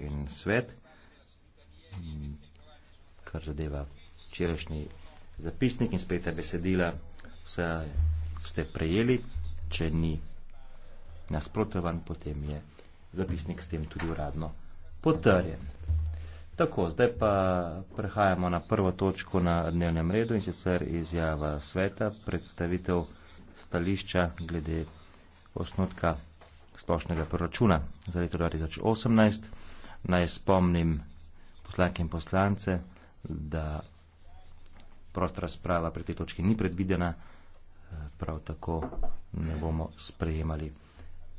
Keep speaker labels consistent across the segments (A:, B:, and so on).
A: in svet. Kar zadeva včerajšnji zapisnik in spet besedila, vse ste prejeli, če ni nasprotovan, potem je zapisnik s tem tudi uradno potrjen. Tako, zdaj pa prehajamo na prvo točko na dnevnem redu in sicer izjava sveta, predstavitev stališča glede osnotka splošnega proračuna za leto 2018. Naj spomnim poslanke in poslance, da prosta razprava pri tej točki ni predvidena, prav tako ne bomo sprejemali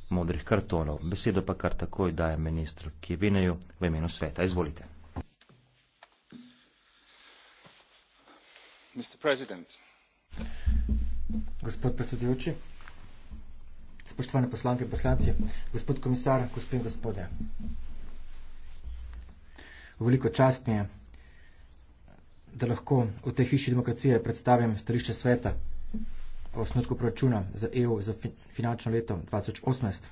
A: modrih kartonov. Besedo pa kar takoj dajem ministru Kivineju v imenu sveta. Izvolite.
B: Gospod predsedujoči, spoštovane poslanke in poslanci, gospod komisar, gospod in gospode. Veliko čast mi je, da lahko v tej hiši demokracije predstavim stališče sveta o osnutku proračuna za EU za finančno leto 2018,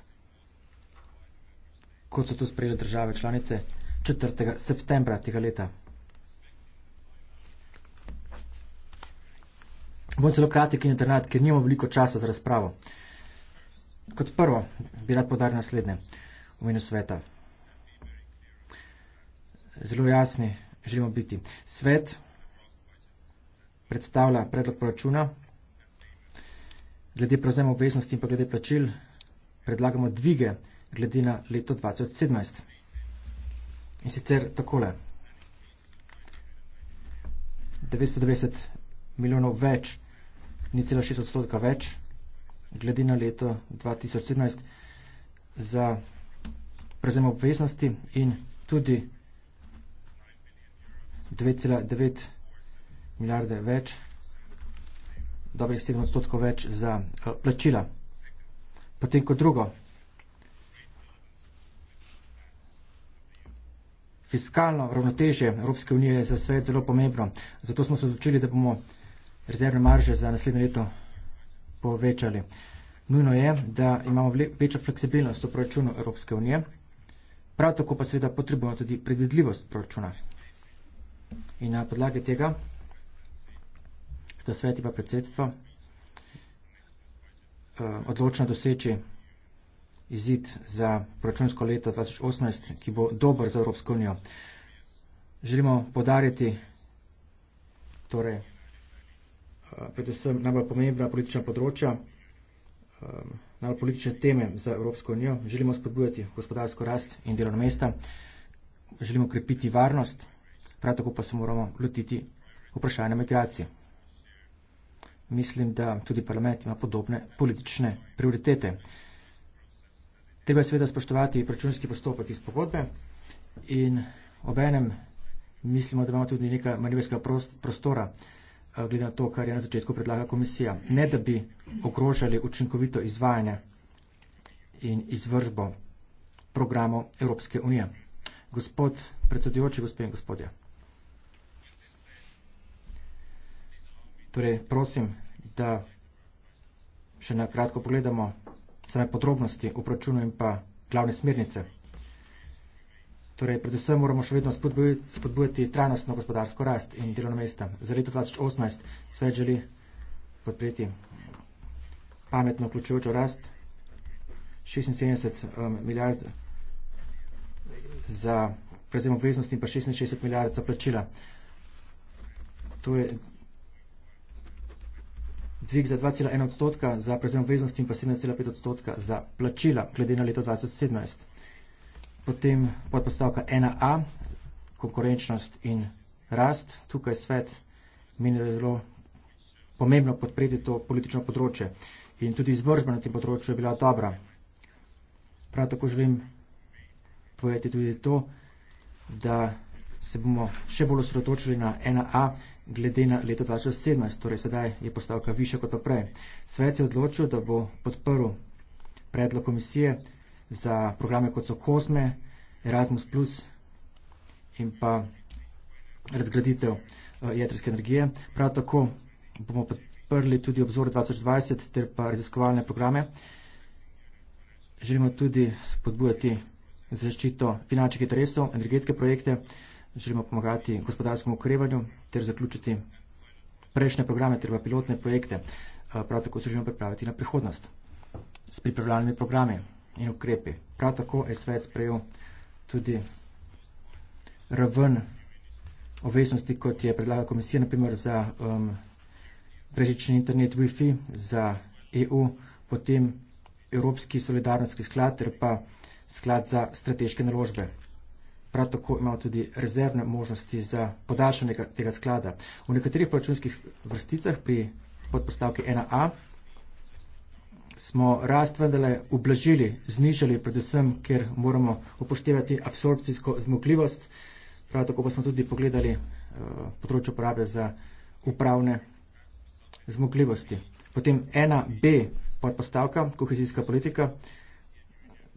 B: kot so to sprejeli države članice 4. septembra tega leta. Bom zelo kratek in internat, ker nimamo veliko časa za razpravo. Kot prvo bi rad podaril naslednje v imenu sveta. Zelo jasni želimo biti. Svet predstavlja predlog proračuna, glede prevzema obveznosti in pa glede plačil predlagamo dvige glede na leto 2017. In sicer takole. 990 milijonov več, ni celo 6 odstotka več, glede na leto 2017 za prezem obveznosti in tudi 2,9 milijarde več, dobrih 7 odstotkov več za eh, plačila. Potem kot drugo, fiskalno ravnotežje Evropske unije je za svet zelo pomembno, zato smo se odločili, da bomo rezervne marže za naslednje leto povečali. Nujno je, da imamo večjo fleksibilnost v proračunu Evropske unije, prav tako pa seveda potrebujemo tudi predvidljivost proračuna. In na podlage tega sta sveti pa predsedstvo eh, odločno doseči izid za proračunsko leto 2018, ki bo dober za Evropsko unijo. Želimo podariti torej Eh, predvsem najbolj pomembna politična področja, ehm, najbolj politične teme za Evropsko unijo. Želimo spodbujati gospodarsko rast in delovno mesta, želimo krepiti varnost, prav tako pa se moramo lotiti vprašanja migracije. Mislim, da tudi parlament ima podobne politične prioritete. Treba je seveda spoštovati računski postopek iz pogodbe in obenem mislimo, da imamo tudi nekaj manjvenskega prostora, Eh, glede na to, kar je na začetku predlaga komisija. Ne da bi ogrožali učinkovito izvajanje in izvržbo programov Evropske unije. Gospod predsedujoči, gospod in gospodje. Torej, prosim, da še nakratko pogledamo same podrobnosti v proračunu in pa glavne smernice. Torej, predvsem moramo še vedno spodbujati, spodbujati trajnostno gospodarsko rast in delovno mesto. Za leto 2018 svet želi podpreti pametno vključujočo rast 76 um, milijard za prezem obveznosti in pa 66 milijard za plačila. To je dvig za 2,1 odstotka za prezem obveznosti in pa 7,5 odstotka za plačila glede na leto 2017. Potem podpostavka 1a, konkurenčnost in rast. Tukaj svet meni, da je zelo pomembno podpreti to politično področje. In tudi izvržba na tem področju je bila dobra. Prav tako želim povedati tudi to, da se bomo še bolj osredotočili na 1a glede na leto 2017, torej sedaj je postavka više kot pa prej. Svet se je odločil, da bo podprl predlog komisije za programe kot so COSME, Erasmus, in pa razgraditev eh, jedrske energije. Prav tako bomo podprli tudi obzor 2020 ter pa raziskovalne programe. Želimo tudi spodbujati zaščito finančnih interesov, energetske projekte, želimo pomagati gospodarskemu okrevanju ter zaključiti prejšnje programe ter pa pilotne projekte. Eh, prav tako se želimo pripraviti na prihodnost s pripravljalnimi programi in ukrepi. Prav tako je svet sprejel tudi raven obveznosti, kot je predlagala komisija, naprimer za um, brežični internet Wi-Fi, za EU, potem Evropski solidarnostni sklad ter pa sklad za strateške naložbe. Prav tako imamo tudi rezervne možnosti za podaljšanje tega sklada. V nekaterih proračunskih vrsticah pri podpostavki 1a smo rast vendarle ublažili, znižali, predvsem, ker moramo upoštevati absorpcijsko zmogljivost. Prav tako pa smo tudi pogledali uh, področje uporabe za upravne zmogljivosti. Potem ena B podpostavka, kohezijska politika.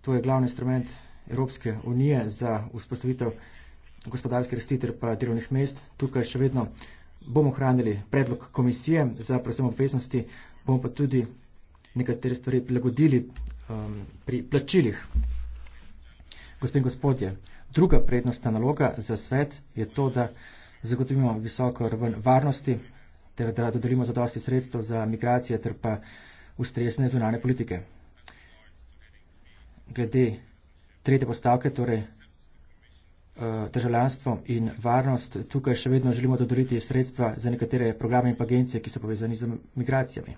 B: To je glavni instrument Evropske unije za vzpostavitev gospodarske rasti ter pa delovnih mest. Tukaj še vedno bomo hranili predlog komisije za predvsem obveznosti, bomo pa tudi nekatere stvari prilagodili um, pri plačilih. Gospod in gospodje, druga prednost naloga za svet je to, da zagotovimo visoko raven varnosti ter da dodelimo zadosti sredstev za migracije ter pa ustresne zunane politike. Glede tretje postavke, torej uh, državljanstvo in varnost, tukaj še vedno želimo dodeliti sredstva za nekatere programe in agencije, ki so povezani z migracijami.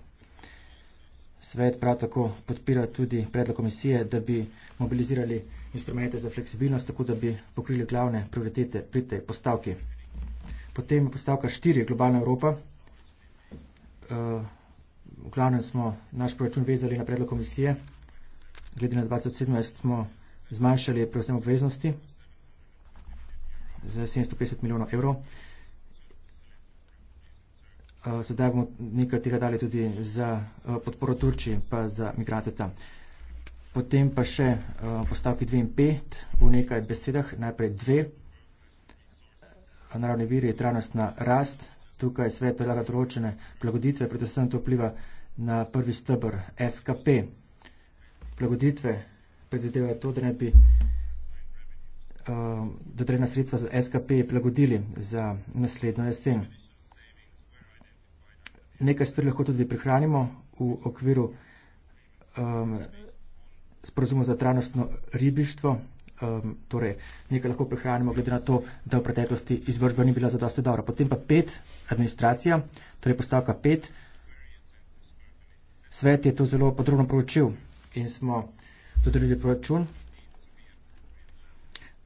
B: Svet prav tako podpira tudi predlog komisije, da bi mobilizirali instrumente za fleksibilnost, tako da bi pokrili glavne prioritete pri tej postavki. Potem je postavka 4, globalna Evropa. Eh, v glavnem smo naš proračun vezali na predlog komisije. Glede na 2017 smo zmanjšali prevzem obveznosti za 750 milijonov evrov uh, sedaj bomo nekaj tega dali tudi za uh, podporo Turčiji, pa za migrante tam. Potem pa še uh, postavki 2 in 5 v nekaj besedah, najprej dve. Naravni viri je trajnostna rast, tukaj svet predlaga določene plagoditve, predvsem to vpliva na prvi stebr SKP. Plagoditve predvidevajo to, da ne bi uh, dodrejna sredstva za SKP prilagodili za naslednjo jesen nekaj stvari lahko tudi prihranimo v okviru um, sporozuma za trajnostno ribištvo. Um, torej, nekaj lahko prihranimo, glede na to, da v preteklosti izvržba ni bila za dosti dobra. Potem pa pet, administracija, torej postavka pet. Svet je to zelo podrobno proučil in smo dodelili proračun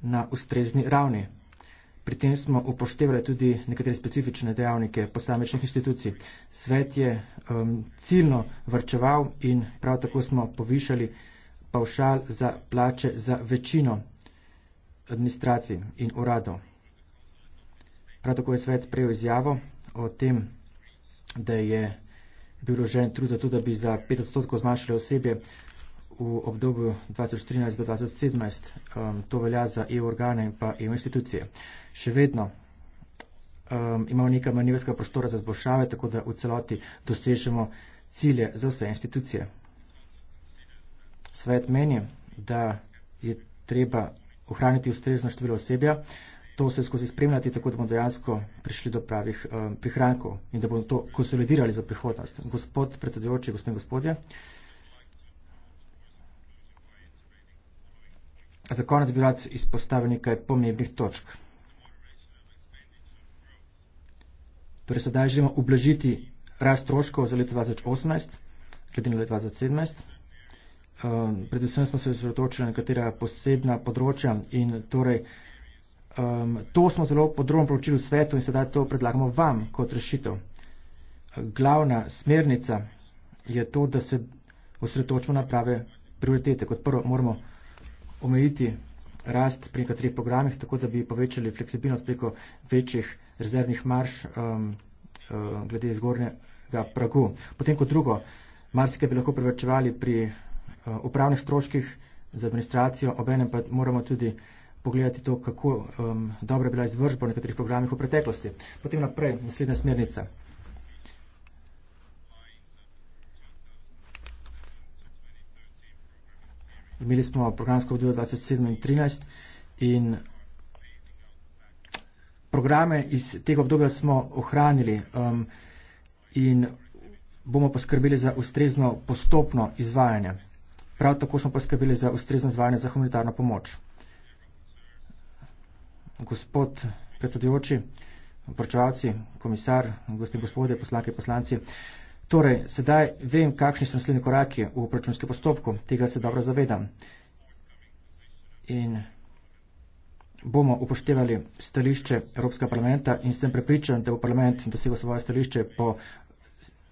B: na ustrezni ravni. Pri tem smo upoštevali tudi nekatere specifične dejavnike posamečnih institucij. Svet je um, ciljno vrčeval in prav tako smo povišali pavšal za plače za večino administracij in uradov. Prav tako je svet sprejel izjavo o tem, da je bil rožen trud za to, da bi za 5 odstotkov zmanjšali osebje v obdobju 2013 do 2017. Um, to velja za EU organe in pa EU institucije. Še vedno um, imamo nekaj manjivskega prostora za zboljšave, tako da v celoti dosežemo cilje za vse institucije. Svet meni, da je treba ohraniti ustrezno število osebja, to se skozi spremljati, tako da bomo dejansko prišli do pravih um, prihrankov in da bomo to konsolidirali za prihodnost. Gospod predsedujoči, gospod in gospodje, Za konec bi rad izpostavil nekaj pomembnih točk. Torej, sedaj želimo ublažiti rast stroškov za leto 2018, glede na leto 2017. Um, ehm, predvsem smo se osredotočili na nekatera posebna področja in torej, um, to smo zelo podrobno proučili v svetu in sedaj to predlagamo vam kot rešitev. Glavna smernica je to, da se osredotočimo na prave prioritete. Kot prvo moramo omejiti rast pri nekaterih programih, tako da bi povečali fleksibilnost preko večjih rezervnih marš um, uh, glede izgornjega pragu. Potem kot drugo, marsikaj bi lahko prevečevali pri uh, upravnih stroških za administracijo, obenem pa moramo tudi pogledati to, kako um, dobra je bila izvržba v nekaterih programih v preteklosti. Potem naprej, naslednja smernica. imeli smo programsko obdobje 2007-2013 in programe iz tega obdobja smo ohranili um, in bomo poskrbeli za ustrezno postopno izvajanje. Prav tako smo poskrbeli za ustrezno izvajanje za humanitarno pomoč. Gospod predsedujoči, poročevalci, komisar, gospod in gospode, poslanke in poslanci, uh, Torej, sedaj vem, kakšni so naslednji koraki v proračunskem postopku, tega se dobro zavedam. In bomo upoštevali stališče Evropskega parlamenta in sem prepričan, da bo parlament dosegel svoje stališče po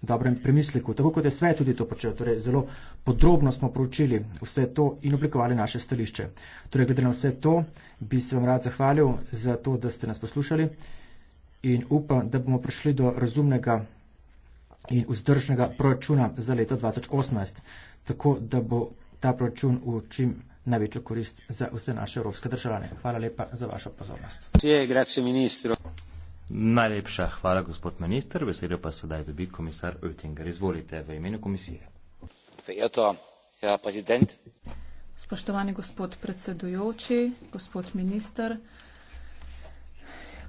B: dobrem premisliku, tako kot je svet tudi to počel. Torej, zelo podrobno smo proučili vse to in oblikovali naše stališče. Torej, glede na vse to, bi se vam rad zahvalil za to, da ste nas poslušali in upam, da bomo prišli do razumnega in vzdržnega proračuna za leto 2018, tako da bo ta proračun v čim največjo korist za vse naše evropske državljane. Hvala lepa za vašo pozornost.
A: Grazie, Najlepša hvala, gospod minister. Besedo pa sedaj dobi komisar Oettinger. Izvolite v imenu komisije. Fejato, ja,
C: Spoštovani gospod predsedujoči, gospod minister,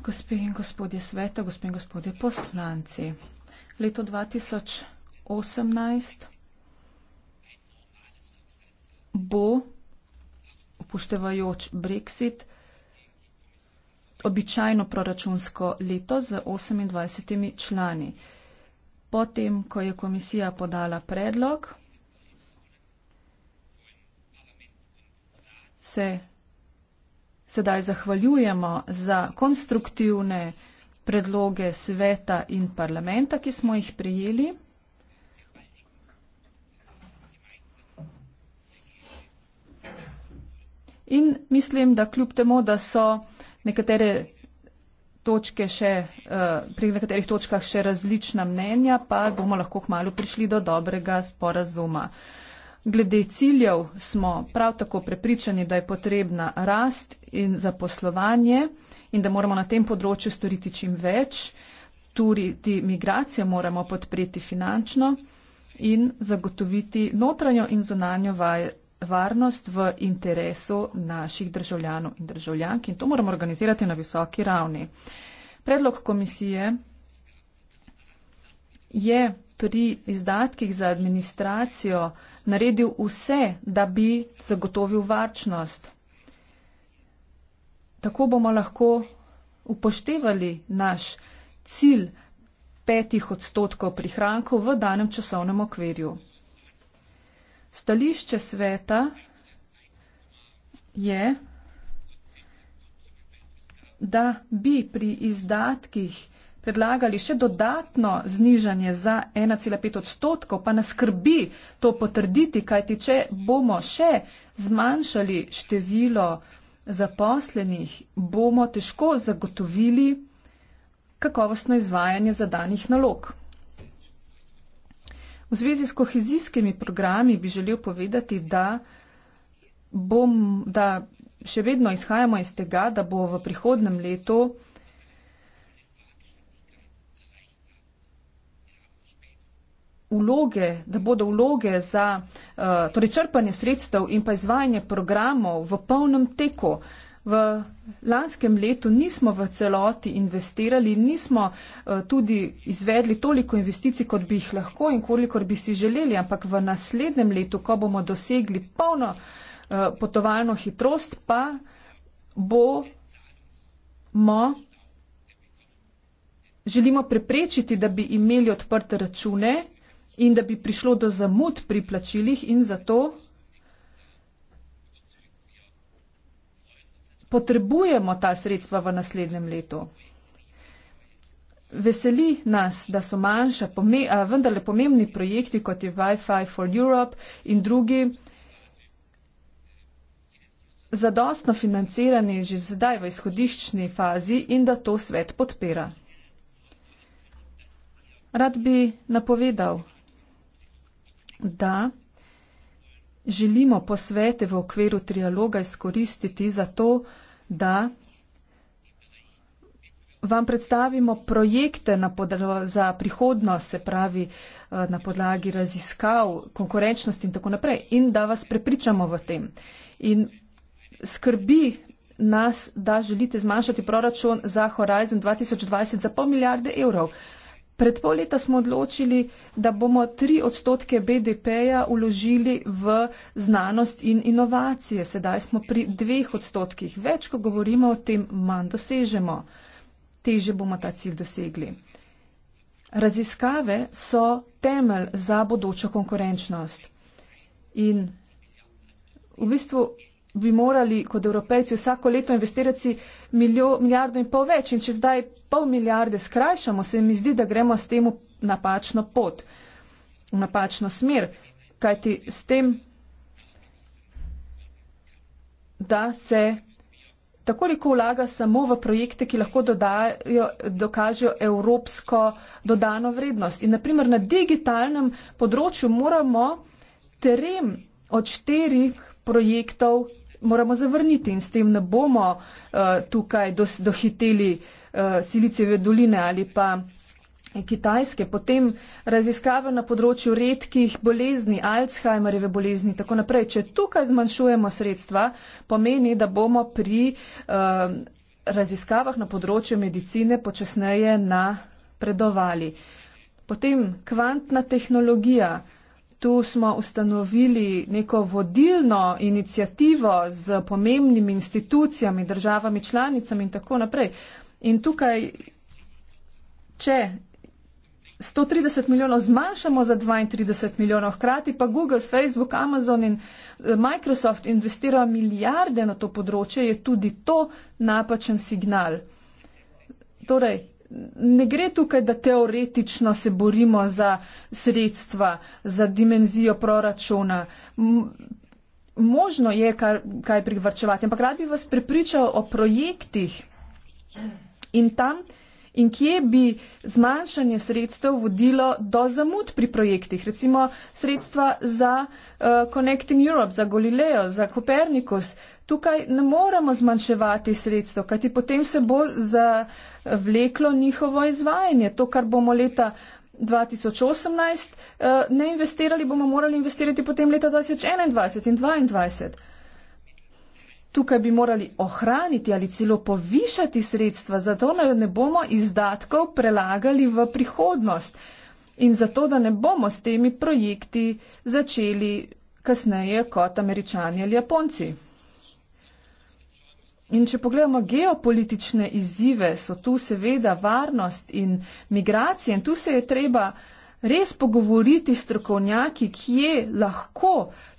C: gospe in gospodje sveta, gospe in gospodje poslanci leto 2018 bo, upoštevajoč Brexit, običajno proračunsko leto z 28 člani. Potem, ko je komisija podala predlog, se sedaj zahvaljujemo za konstruktivne predloge sveta in parlamenta, ki smo jih prijeli. In mislim, da kljub temu, da so nekatere točke še, eh, pri nekaterih točkah še različna mnenja, pa bomo lahko hmalo prišli do dobrega sporazuma. Glede ciljev smo prav tako prepričani, da je potrebna rast in zaposlovanje in da moramo na tem področju storiti čim več. Turiti migracijo moramo podpreti finančno in zagotoviti notranjo in zunanjo varnost v interesu naših državljanov in državljank in to moramo organizirati na visoki ravni. Predlog komisije je pri izdatkih za administracijo naredil vse, da bi zagotovil varčnost. Tako bomo lahko upoštevali naš cilj petih odstotkov prihrankov v danem časovnem okvirju. Stališče sveta je, da bi pri izdatkih predlagali še dodatno znižanje za 1,5 odstotkov, pa nas skrbi to potrditi, kajti če bomo še zmanjšali število zaposlenih, bomo težko zagotovili kakovostno izvajanje zadanih nalog. V zvezi s kohezijskimi programi bi želel povedati, da, bom, da še vedno izhajamo iz tega, da bo v prihodnem letu vloge, da bodo vloge za uh, torej črpanje sredstev in pa izvajanje programov v polnem teku. V lanskem letu nismo v celoti investirali, nismo uh, tudi izvedli toliko investicij, kot bi jih lahko in kolikor bi si želeli, ampak v naslednjem letu, ko bomo dosegli polno uh, potovalno hitrost, pa bomo. Želimo preprečiti, da bi imeli odprte račune in da bi prišlo do zamud pri plačilih in zato potrebujemo ta sredstva v naslednjem letu. Veseli nas, da so manjša, a vendarle pomembni projekti, kot je Wi-Fi for Europe in drugi, zadostno financirani že zdaj v izhodiščni fazi in da to svet podpira. Rad bi napovedal da želimo posvete v okviru trialoga izkoristiti za to, da vam predstavimo projekte za prihodnost, se pravi eh, na podlagi raziskav, konkurenčnosti in tako naprej, in da vas prepričamo v tem. In skrbi nas, da želite zmanjšati proračun za Horizon 2020 za pol milijarde evrov. Pred pol leta smo odločili, da bomo 3 odstotke BDP-ja uložili v znanost in inovacije. Sedaj smo pri 2 odstotkih. Več, ko govorimo o tem, manj dosežemo. Teže bomo ta cilj dosegli. Raziskave so temelj za bodočo konkurenčnost. In v bistvu bi morali kot evropejci vsako leto investirati milijo, milijardo in pol več in če zdaj pol milijarde skrajšamo, se mi zdi, da gremo s tem v napačno pot, v napačno smer. Kajti s tem, da se takoliko vlaga samo v projekte, ki lahko dodajo, dokažejo evropsko dodano vrednost. In naprimer na digitalnem področju moramo trem od štirih projektov moramo zavrniti in s tem ne bomo uh, tukaj dos, dohiteli uh, Silicijeve doline ali pa Kitajske. Potem raziskave na področju redkih bolezni, Alzheimerjeve bolezni in tako naprej. Če tukaj zmanjšujemo sredstva, pomeni, da bomo pri uh, raziskavah na področju medicine počasneje napredovali. Potem kvantna tehnologija tu smo ustanovili neko vodilno inicijativo z pomembnimi institucijami, državami, članicami in tako naprej. In tukaj, če 130 milijonov zmanjšamo za 32 milijonov, hkrati pa Google, Facebook, Amazon in eh, Microsoft investirajo milijarde na to področje, je tudi to napačen signal. Torej, ne gre tukaj, da teoretično se borimo za sredstva, za dimenzijo proračuna. Možno je kar, kaj privrčevati, ampak rad bi vas prepričal o projektih in tam, in kje bi zmanjšanje sredstev vodilo do zamud pri projektih. Recimo sredstva za uh, Connecting Europe, za Galileo, za Copernicus, uh, tukaj ne moremo zmanjševati sredstev, kajti potem se bo zavleklo njihovo izvajanje. To, kar bomo leta 2018 eh, ne investirali, bomo morali investirati potem leta 2021 in 2022. Tukaj bi morali ohraniti ali celo povišati sredstva, zato da ne bomo izdatkov prelagali v prihodnost in zato da ne bomo s temi projekti začeli kasneje kot američani ali japonci. In če pogledamo geopolitične izzive, so tu seveda varnost in migracije in tu se je treba res pogovoriti s strokovnjaki, kje lahko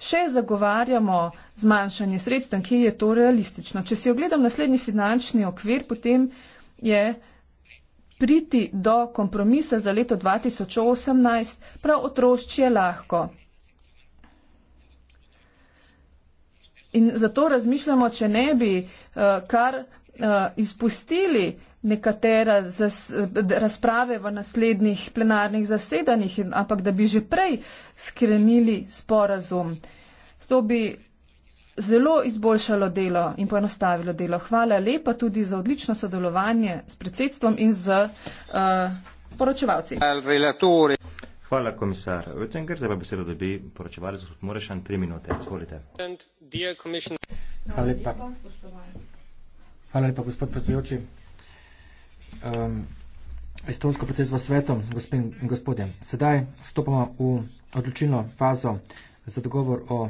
C: še zagovarjamo zmanjšanje sredstev, kje je to realistično. Če si ogledam naslednji finančni okvir, potem je priti do kompromisa za leto 2018 prav otroščje lahko. In zato razmišljamo, če ne bi eh, kar eh, izpustili nekatera razprave v naslednjih plenarnih zasedanjih, ampak da bi že prej skrenili sporazum. To bi zelo izboljšalo delo in poenostavilo delo. Hvala lepa tudi za odlično sodelovanje s predsedstvom in z uh, poročevalci. Al
A: relatore. Hvala, komisar. Oettinger, zdaj pa besedo dobi poročevalec gospod Morešan, tri minute, izvolite. Hvala lepa. Hvala lepa,
B: gospod predsedujoči. Um, Estonsko predsedstvo sveto, gospod in gospodje. Sedaj stopamo v odločilno fazo za dogovor o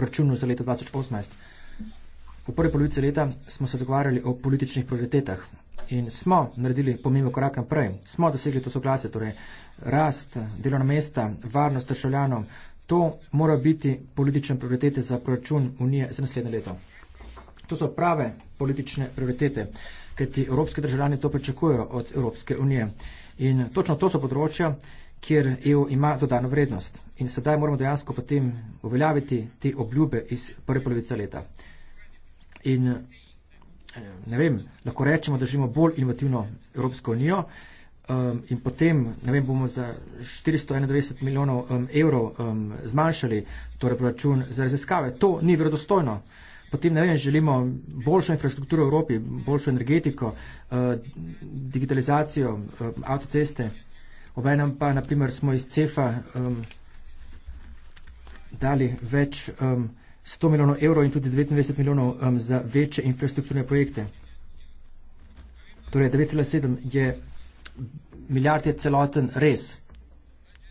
B: proračunu za leto 2018. V prvi polovici leta smo se dogovarjali o političnih prioritetah in smo naredili pomembno korak naprej, smo dosegli to soglasje, torej rast delovna mesta, varnost državljanov, to mora biti politične prioritete za proračun Unije za naslednje leto. To so prave politične prioritete, kajti evropske državljani to pričakujejo od Evropske unije. In točno to so področja, kjer EU ima dodano vrednost. In sedaj moramo dejansko potem uveljaviti te obljube iz prve polovice leta. In ne vem, lahko rečemo, da živimo bolj inovativno Evropsko unijo um, in potem, ne vem, bomo za 491 milijonov um, evrov um, zmanjšali torej proračun za raziskave. To ni verodostojno. Potem, ne vem, želimo boljšo infrastrukturo v Evropi, boljšo energetiko, uh, digitalizacijo, um, avtoceste. Obenem pa, naprimer, smo iz CEFA um, dali več. Um, 100 milijonov evrov in tudi 29 milijonov um, za večje infrastrukturne projekte. Torej 9,7 je milijard je celoten res.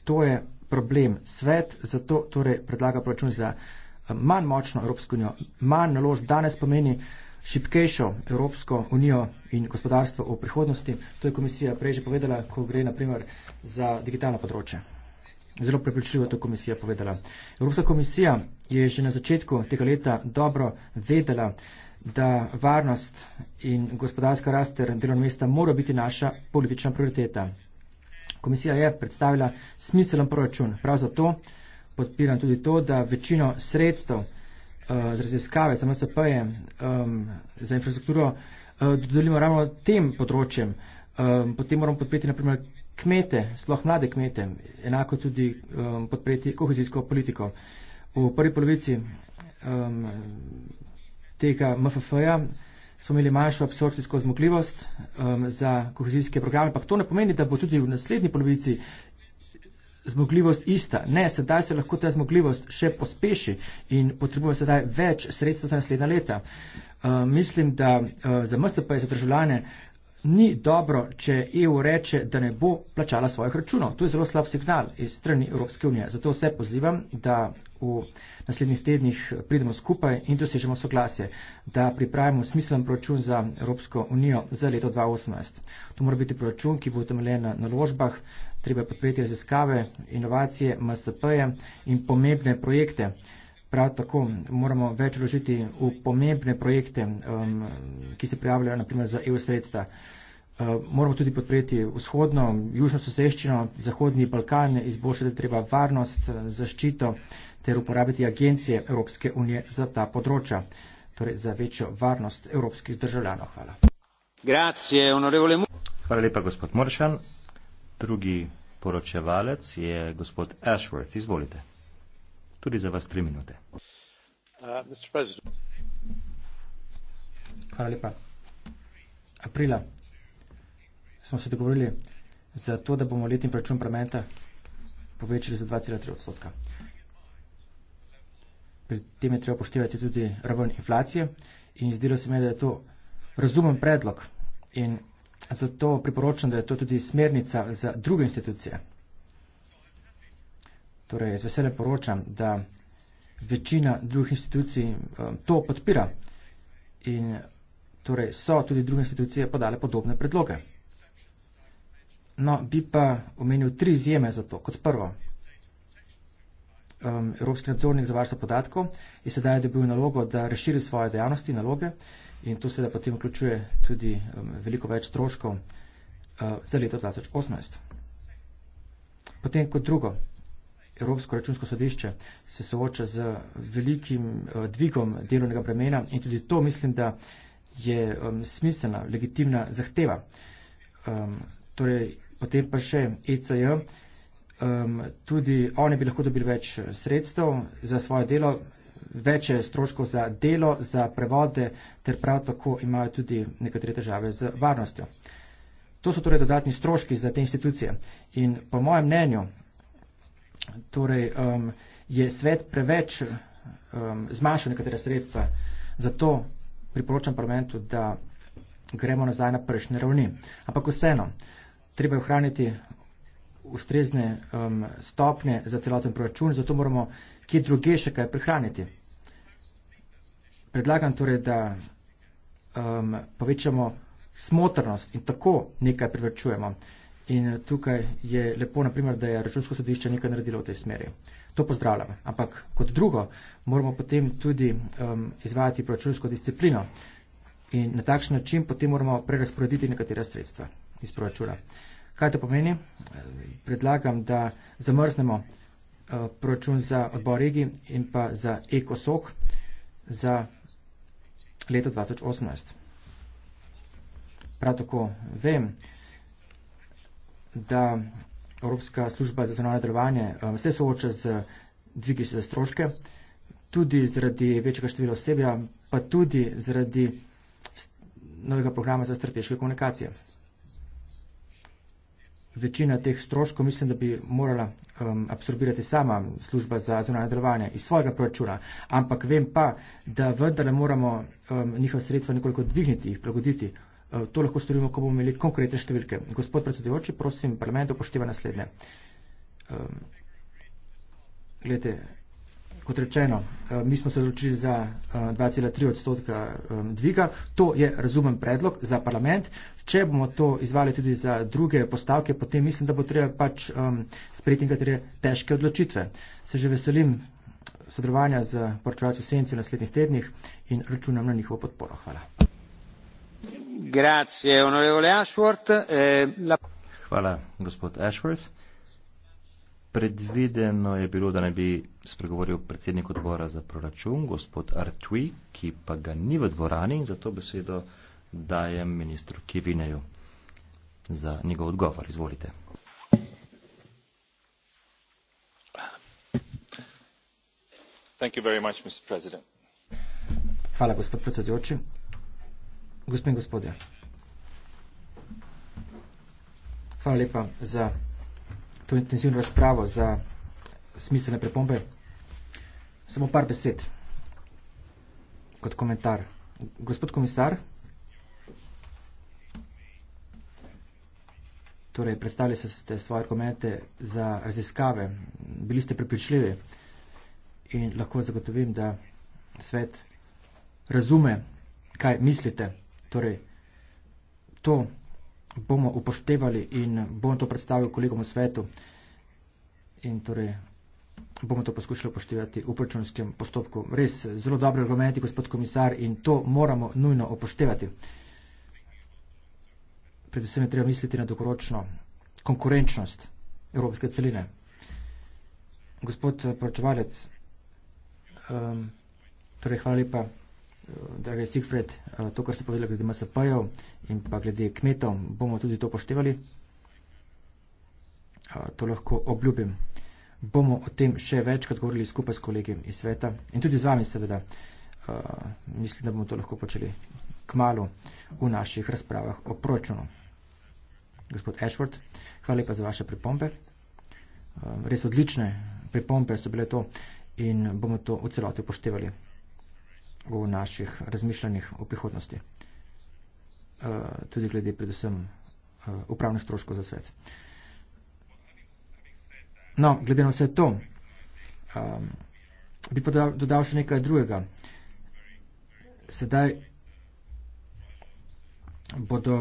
B: To je problem. Svet zato torej predlaga proračun za um, manj močno Evropsko unijo, manj naložb danes pomeni šipkejšo Evropsko unijo in gospodarstvo v prihodnosti. To je komisija prej že povedala, ko gre naprimer za digitalno področje zelo prepričljivo to komisija povedala. Evropska komisija je že na začetku tega leta dobro vedela, da varnost in gospodarska rast ter delovna mesta mora biti naša politična prioriteta. Komisija je predstavila smiselen proračun. Prav zato podpiram tudi to, da večino sredstev uh, eh, z raziskave, za MSP-je, um, za infrastrukturo uh, dodelimo ravno tem področjem. Um, potem moramo podpreti naprimer kmete, sploh mlade kmete, enako tudi um, podpreti kohezijsko politiko. V prvi polovici um, tega MFF-ja smo imeli manjšo absorpcijsko zmogljivost um, za kohezijske programe, ampak to ne pomeni, da bo tudi v naslednji polovici zmogljivost ista. Ne, sedaj se lahko ta zmogljivost še pospeši in potrebuje sedaj več sredstva za naslednja leta. Uh, mislim, da uh, za MSP je za državljane Ni dobro, če EU reče, da ne bo plačala svojih računov. To je zelo slab signal iz strani Evropske unije. Zato vse pozivam, da v naslednjih tednih pridemo skupaj in dosežemo soglasje, da pripravimo smislen proračun za Evropsko unijo za leto 2018. To mora biti proračun, ki bo temeljen na naložbah, treba je podpreti raziskave, inovacije, MSP-je in pomembne projekte. Prav tako moramo več vložiti v pomembne projekte, um, ki se prijavljajo naprimer za EU sredstva. Uh, moramo tudi podpreti vzhodno, južno soseščino, zahodni Balkan, izboljšati treba varnost, zaščito ter uporabiti agencije Evropske unije za ta področja, torej za večjo varnost evropskih državljanov.
A: Hvala. Grazie, Hvala lepa, gospod Moršan. Drugi poročevalec je gospod Ashworth. Izvolite tudi za vas tri minute. Uh,
B: Hvala lepa. Aprila smo se dogovorili za to, da bomo letni račun prometa povečali za 2,3 odstotka. Pri tem je treba upoštevati tudi raven inflacije in zdelo se mi, da je to razumen predlog in zato priporočam, da je to tudi smernica za druge institucije. Torej, z veseljem poročam, da večina drugih institucij um, to podpira in torej so tudi druge institucije podale podobne predloge. No, bi pa omenil tri izjeme za to. Kot prvo, um, Evropski nadzornik za varstvo podatkov je sedaj dobil nalogo, da razširi svoje dejavnosti in naloge in to seveda potem vključuje tudi um, veliko več stroškov uh, za leto 2018. Potem kot drugo, Evropsko računsko sodišče se sooča z velikim eh, dvigom delovnega bremena in tudi to mislim, da je um, smiselna, legitimna zahteva. Um, torej, potem pa še ECJ, um, tudi oni bi lahko dobili več eh, sredstev za svoje delo, več eh, stroškov za delo, za prevode, ter prav tako imajo tudi nekatere težave z varnostjo. To so torej dodatni stroški za te institucije in po mojem mnenju torej, um, je svet preveč um, zmanjšal nekatera sredstva, zato priporočam parlamentu, da gremo nazaj na prejšnje ravni. Ampak vseeno, treba je ohraniti ustrezne um, stopnje za celoten proračun, zato moramo kje druge še kaj prihraniti. Predlagam torej, da um, povečamo smotrnost in tako nekaj privrčujemo. In eh, tukaj je lepo, naprimer, da je računsko sodišče nekaj naredilo v tej smeri. To pozdravljam. Ampak kot drugo, moramo potem tudi um, izvajati proračunsko disciplino in na takšen način potem moramo prerasporediti nekatera sredstva iz proračuna. Kaj to pomeni? Predlagam, da zamrznemo uh, proračun za odbor regi in pa za ekosok za leto 2018. Prav tako vem, da Evropska služba za zanonalno delovanje eh, se sooča z dvigi se stroške, tudi zaradi večjega števila osebja, pa tudi zaradi novega programa za strateške komunikacije. Večina teh stroškov mislim, da bi morala um, absorbirati sama služba za zunanje delovanje iz svojega proračuna, ampak vem pa, da vendar ne moramo um, njihova sredstva nekoliko dvigniti, jih prilagoditi Eh, to lahko storimo, ko bomo imeli konkretne številke. Gospod predsedujoči, prosim, parlament upošteva naslednje. Gledajte, kot rečeno, eh, mi smo se odločili za 2,3 eh, odstotka dviga. To je razumen predlog za parlament. Če bomo to izvali tudi za druge postavke, potem mislim, da bo treba pač sprejeti nekatere težke odločitve. Se že veselim sodelovanja z poročevalci v senci v naslednjih tednih in računam na njihovo podporo. Hvala.
A: Eh, gospod ashworth predvideno je bilo da naj bi spregovoril predsednik odbora za proračun gospod artui ki pa ga ni v dvorani in zato besedo dajem ministru kivineju za njegov odgovor izvolite
B: hvala gospod predsedujoči gospod komisar rad bi vas seznanil s stališčem komisije glede Gospod in gospodje, hvala lepa za to intenzivno razpravo, za smiselne prepombe. Samo par besed kot komentar. Gospod komisar, torej predstavili ste svoje argumente za raziskave, bili ste prepričljivi in lahko zagotovim, da svet razume, kaj mislite. Torej, to bomo upoštevali in bom to predstavil kolegom v svetu in torej bomo to poskušali upoštevati v proračunskem postopku. Res zelo dobre argumenti, gospod komisar, in to moramo nujno upoštevati. Predvsem je treba misliti na dokoročno konkurenčnost evropske celine. Gospod poročevalec, um, torej hvala lepa. Draga Sigfred, eh, to, kar ste povedali glede MSP-jev in pa glede kmetov, bomo tudi to poštevali. Eh, to lahko obljubim. Bomo o tem še večkrat govorili skupaj s kolegi iz sveta in tudi z vami, seveda. Eh, mislim, da bomo to lahko počeli kmalo v naših razpravah o proračunu. Gospod Ashford, hvala lepa za vaše pripombe. Res odlične pripombe so bile to in bomo to v celoti upoštevali v naših razmišljanjih o prihodnosti, eh, tudi glede predvsem eh, upravnih stroškov za svet. No, glede na vse to, ehm, bi pa dodal še nekaj drugega. Sedaj bodo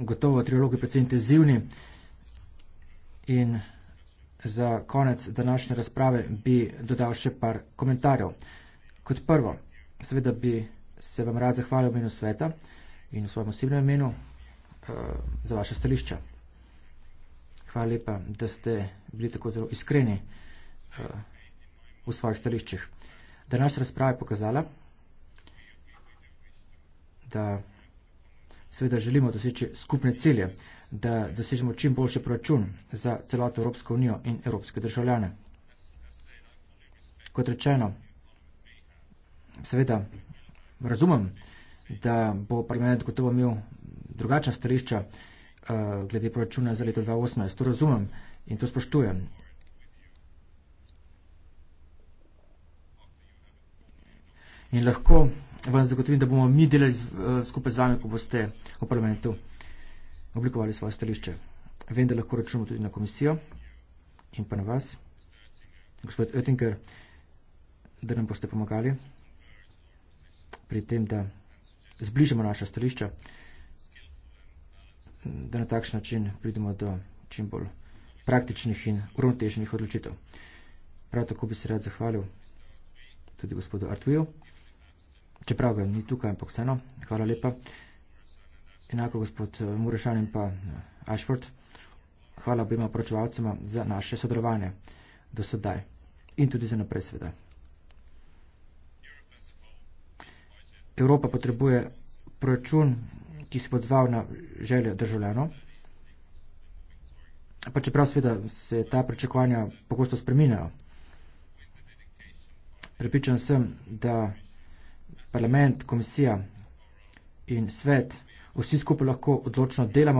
B: gotovo trilogi precej intenzivni in za konec današnje razprave bi dodal še par komentarjev. Kot prvo, seveda bi se vam rad zahvalil v imenu sveta in v svojem osebnem imenu uh, za vaše stališča. Hvala lepa, da ste bili tako zelo iskreni uh, v svojih stališčih. Današnja razprava je pokazala, da seveda želimo doseči skupne cilje, da dosežemo čim boljši proračun za celoto Evropsko unijo in evropske državljane. Kot rečeno, seveda razumem, da bo parlament gotovo imel drugačna starišča uh, eh, glede proračuna za leto 2018. To razumem in to spoštujem. In lahko vam zagotovim, da bomo mi delali z, uh, skupaj z vami, ko boste v parlamentu oblikovali svoje stališče. Vem, da lahko računamo tudi na komisijo in pa na vas, gospod Oettinger, da nam boste pomagali pri tem, da zbližamo naša stališča, da na takšen način pridemo do čim bolj praktičnih in uravnoteženih odločitev. Prav tako bi se rad zahvalil tudi gospodu Artuju, čeprav ga ni tukaj, ampak vseeno, hvala lepa. Enako gospod eh, Murešan in pa eh, Ashford, hvala obima poročevalcema za naše sodelovanje do sedaj in tudi za naprej sveda. Evropa potrebuje proračun, ki se bo odzval na želje državljanov. Pa čeprav sveda se ta pričakovanja pogosto spreminjajo. Prepričan sem, da parlament, komisija in svet vsi skupaj lahko odločno delamo.